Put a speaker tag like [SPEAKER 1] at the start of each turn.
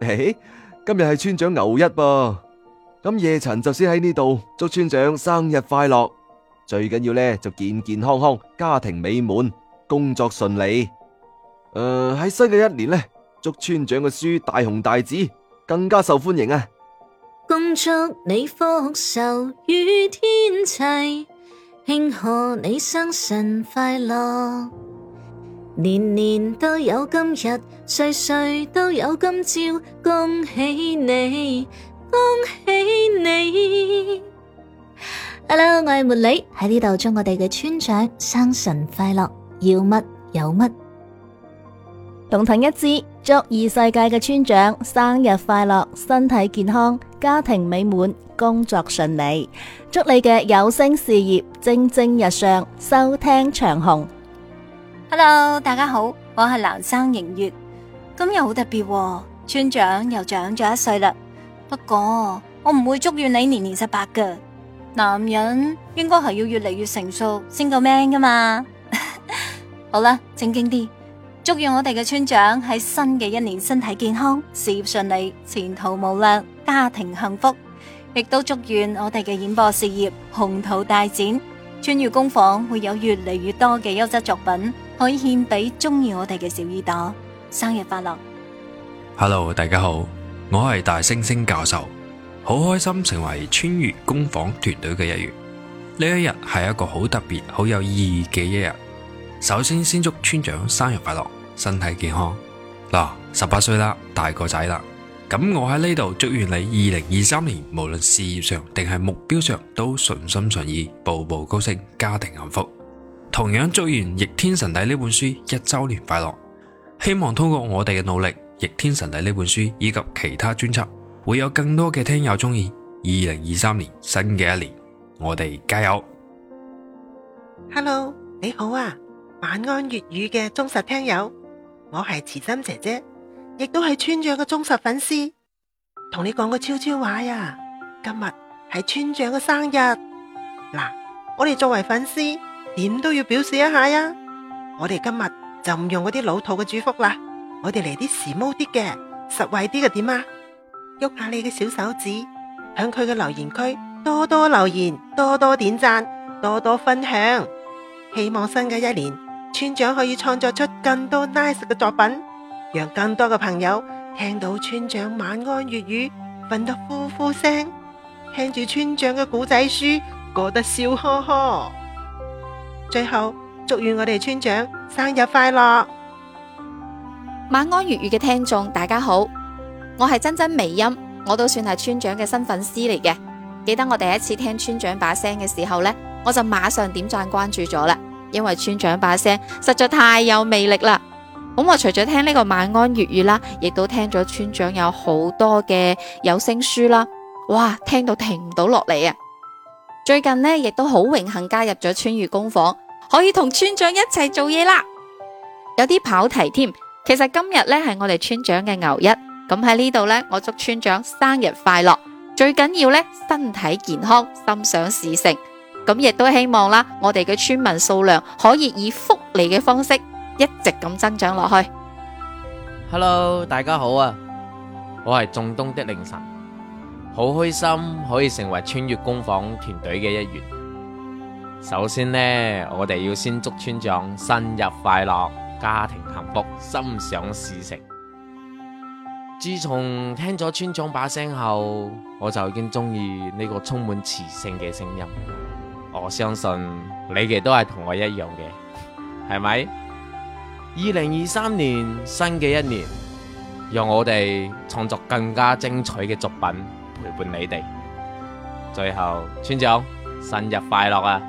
[SPEAKER 1] 嘿，今日係村長牛一噃，啊，咁夜陳就先喺呢度祝村長生日快樂，最緊要咧就健健康康，家庭美滿，工作順利。誒、呃、喺新嘅一年呢，祝村長嘅書大紅大紫，更加受歡迎啊！
[SPEAKER 2] 恭祝你福壽與天齊，慶賀你生辰快樂。年年都有今日，歲歲都有今朝，恭喜你，恭喜你！Hello，我係茉莉喺呢度，祝我哋嘅村長生辰快樂，要乜有乜。龍騰一志，祝二世界嘅村長生日快樂，身體健康，家庭美滿，工作順利。祝你嘅有聲事業蒸蒸日上，收聽長虹。hello，大家好，我係南生盈月。今日好特別，哦，村長又長咗一歲啦。不過我唔會祝願你年年十八噶。男人應該係要越嚟越成熟先夠 man 噶嘛。 好啦，正經啲，祝願我哋嘅村長喺新嘅一年身體健康，事業順利，前途無量，家庭幸福，亦都祝願我哋嘅演播事業鴻圖大展，村粵工坊會有越嚟越多嘅優質作品，可以獻俾中意我哋嘅小耳朵，生日快樂
[SPEAKER 1] ！Hello，大家好，我係大星星教授，好開心成為村粵工坊團隊嘅一員。呢一日係一個好特別、好有意義嘅一日。首先，先祝村長生日快樂，身體健康。嗱、啊，十八歲啦，大個仔啦。咁我喺呢度祝願你二零二三年，無論事業上定係目標上，都順心順意，步步高升，家庭幸福。同樣祝願《逆天神帝》呢本書一周年快樂，希望通過我哋嘅努力，《逆天神帝》呢本書以及其他專輯，會有更多嘅聽友中意。二零二三年新嘅一年，我哋加油
[SPEAKER 3] ！Hello，你好啊，晚安粵語嘅忠實聽友，我係慈心姐姐，亦都係村長嘅忠實粉絲，同你講個悄悄話呀，今日係村長嘅生日，嗱，我哋作為粉絲。點都要表示一下呀！我哋今日就唔用嗰啲老土嘅祝福啦，我哋嚟啲時髦啲嘅實惠啲嘅點啊！喐下你嘅小手指，響佢嘅留言區多多留言，多多點贊，多多分享。希望新嘅一年，村長可以創作出更多 nice 嘅作品，讓更多嘅朋友聽到村長晚安粵語，瞓得呼呼聲，聽住村長嘅古仔書過得笑呵呵。
[SPEAKER 4] 最後，祝願我哋村長生日快樂！晚安粵語嘅聽眾，大家好，我係珍珍微音，我都算係村長嘅新粉絲嚟嘅。記得我第一次聽村長把聲嘅時候呢，我就馬上點讚關注咗啦，因為村長把聲實在太有魅力啦。咁我除咗聽呢個晚安粵語啦，亦都聽咗村長有好多嘅有聲書啦，哇，聽到停唔到落嚟啊！最近呢，亦都好榮幸加入咗村粵工坊，可以同村長一齊做嘢啦。有啲跑題添。其實今日呢係我哋村長嘅牛一，咁喺呢度呢，我祝村長生日快樂，最緊要呢，身體健康，心想事成。咁亦都希望啦，我哋嘅村民數量可以以福利嘅方式一直咁增長落去。
[SPEAKER 5] Hello，大家好啊，我係中東的凌晨。好開心可以成為村粵工坊團隊嘅一員。首先呢，我哋要先祝村長生日快樂，家庭幸福，心想事成。自從聽咗村長把聲後，我就已經中意呢個充滿磁性嘅聲音。我相信你哋都係同我一樣嘅，係咪？二零二三年新嘅一年，讓我哋創作更加精彩嘅作品。陪伴你哋，最後村長，生日快樂啊！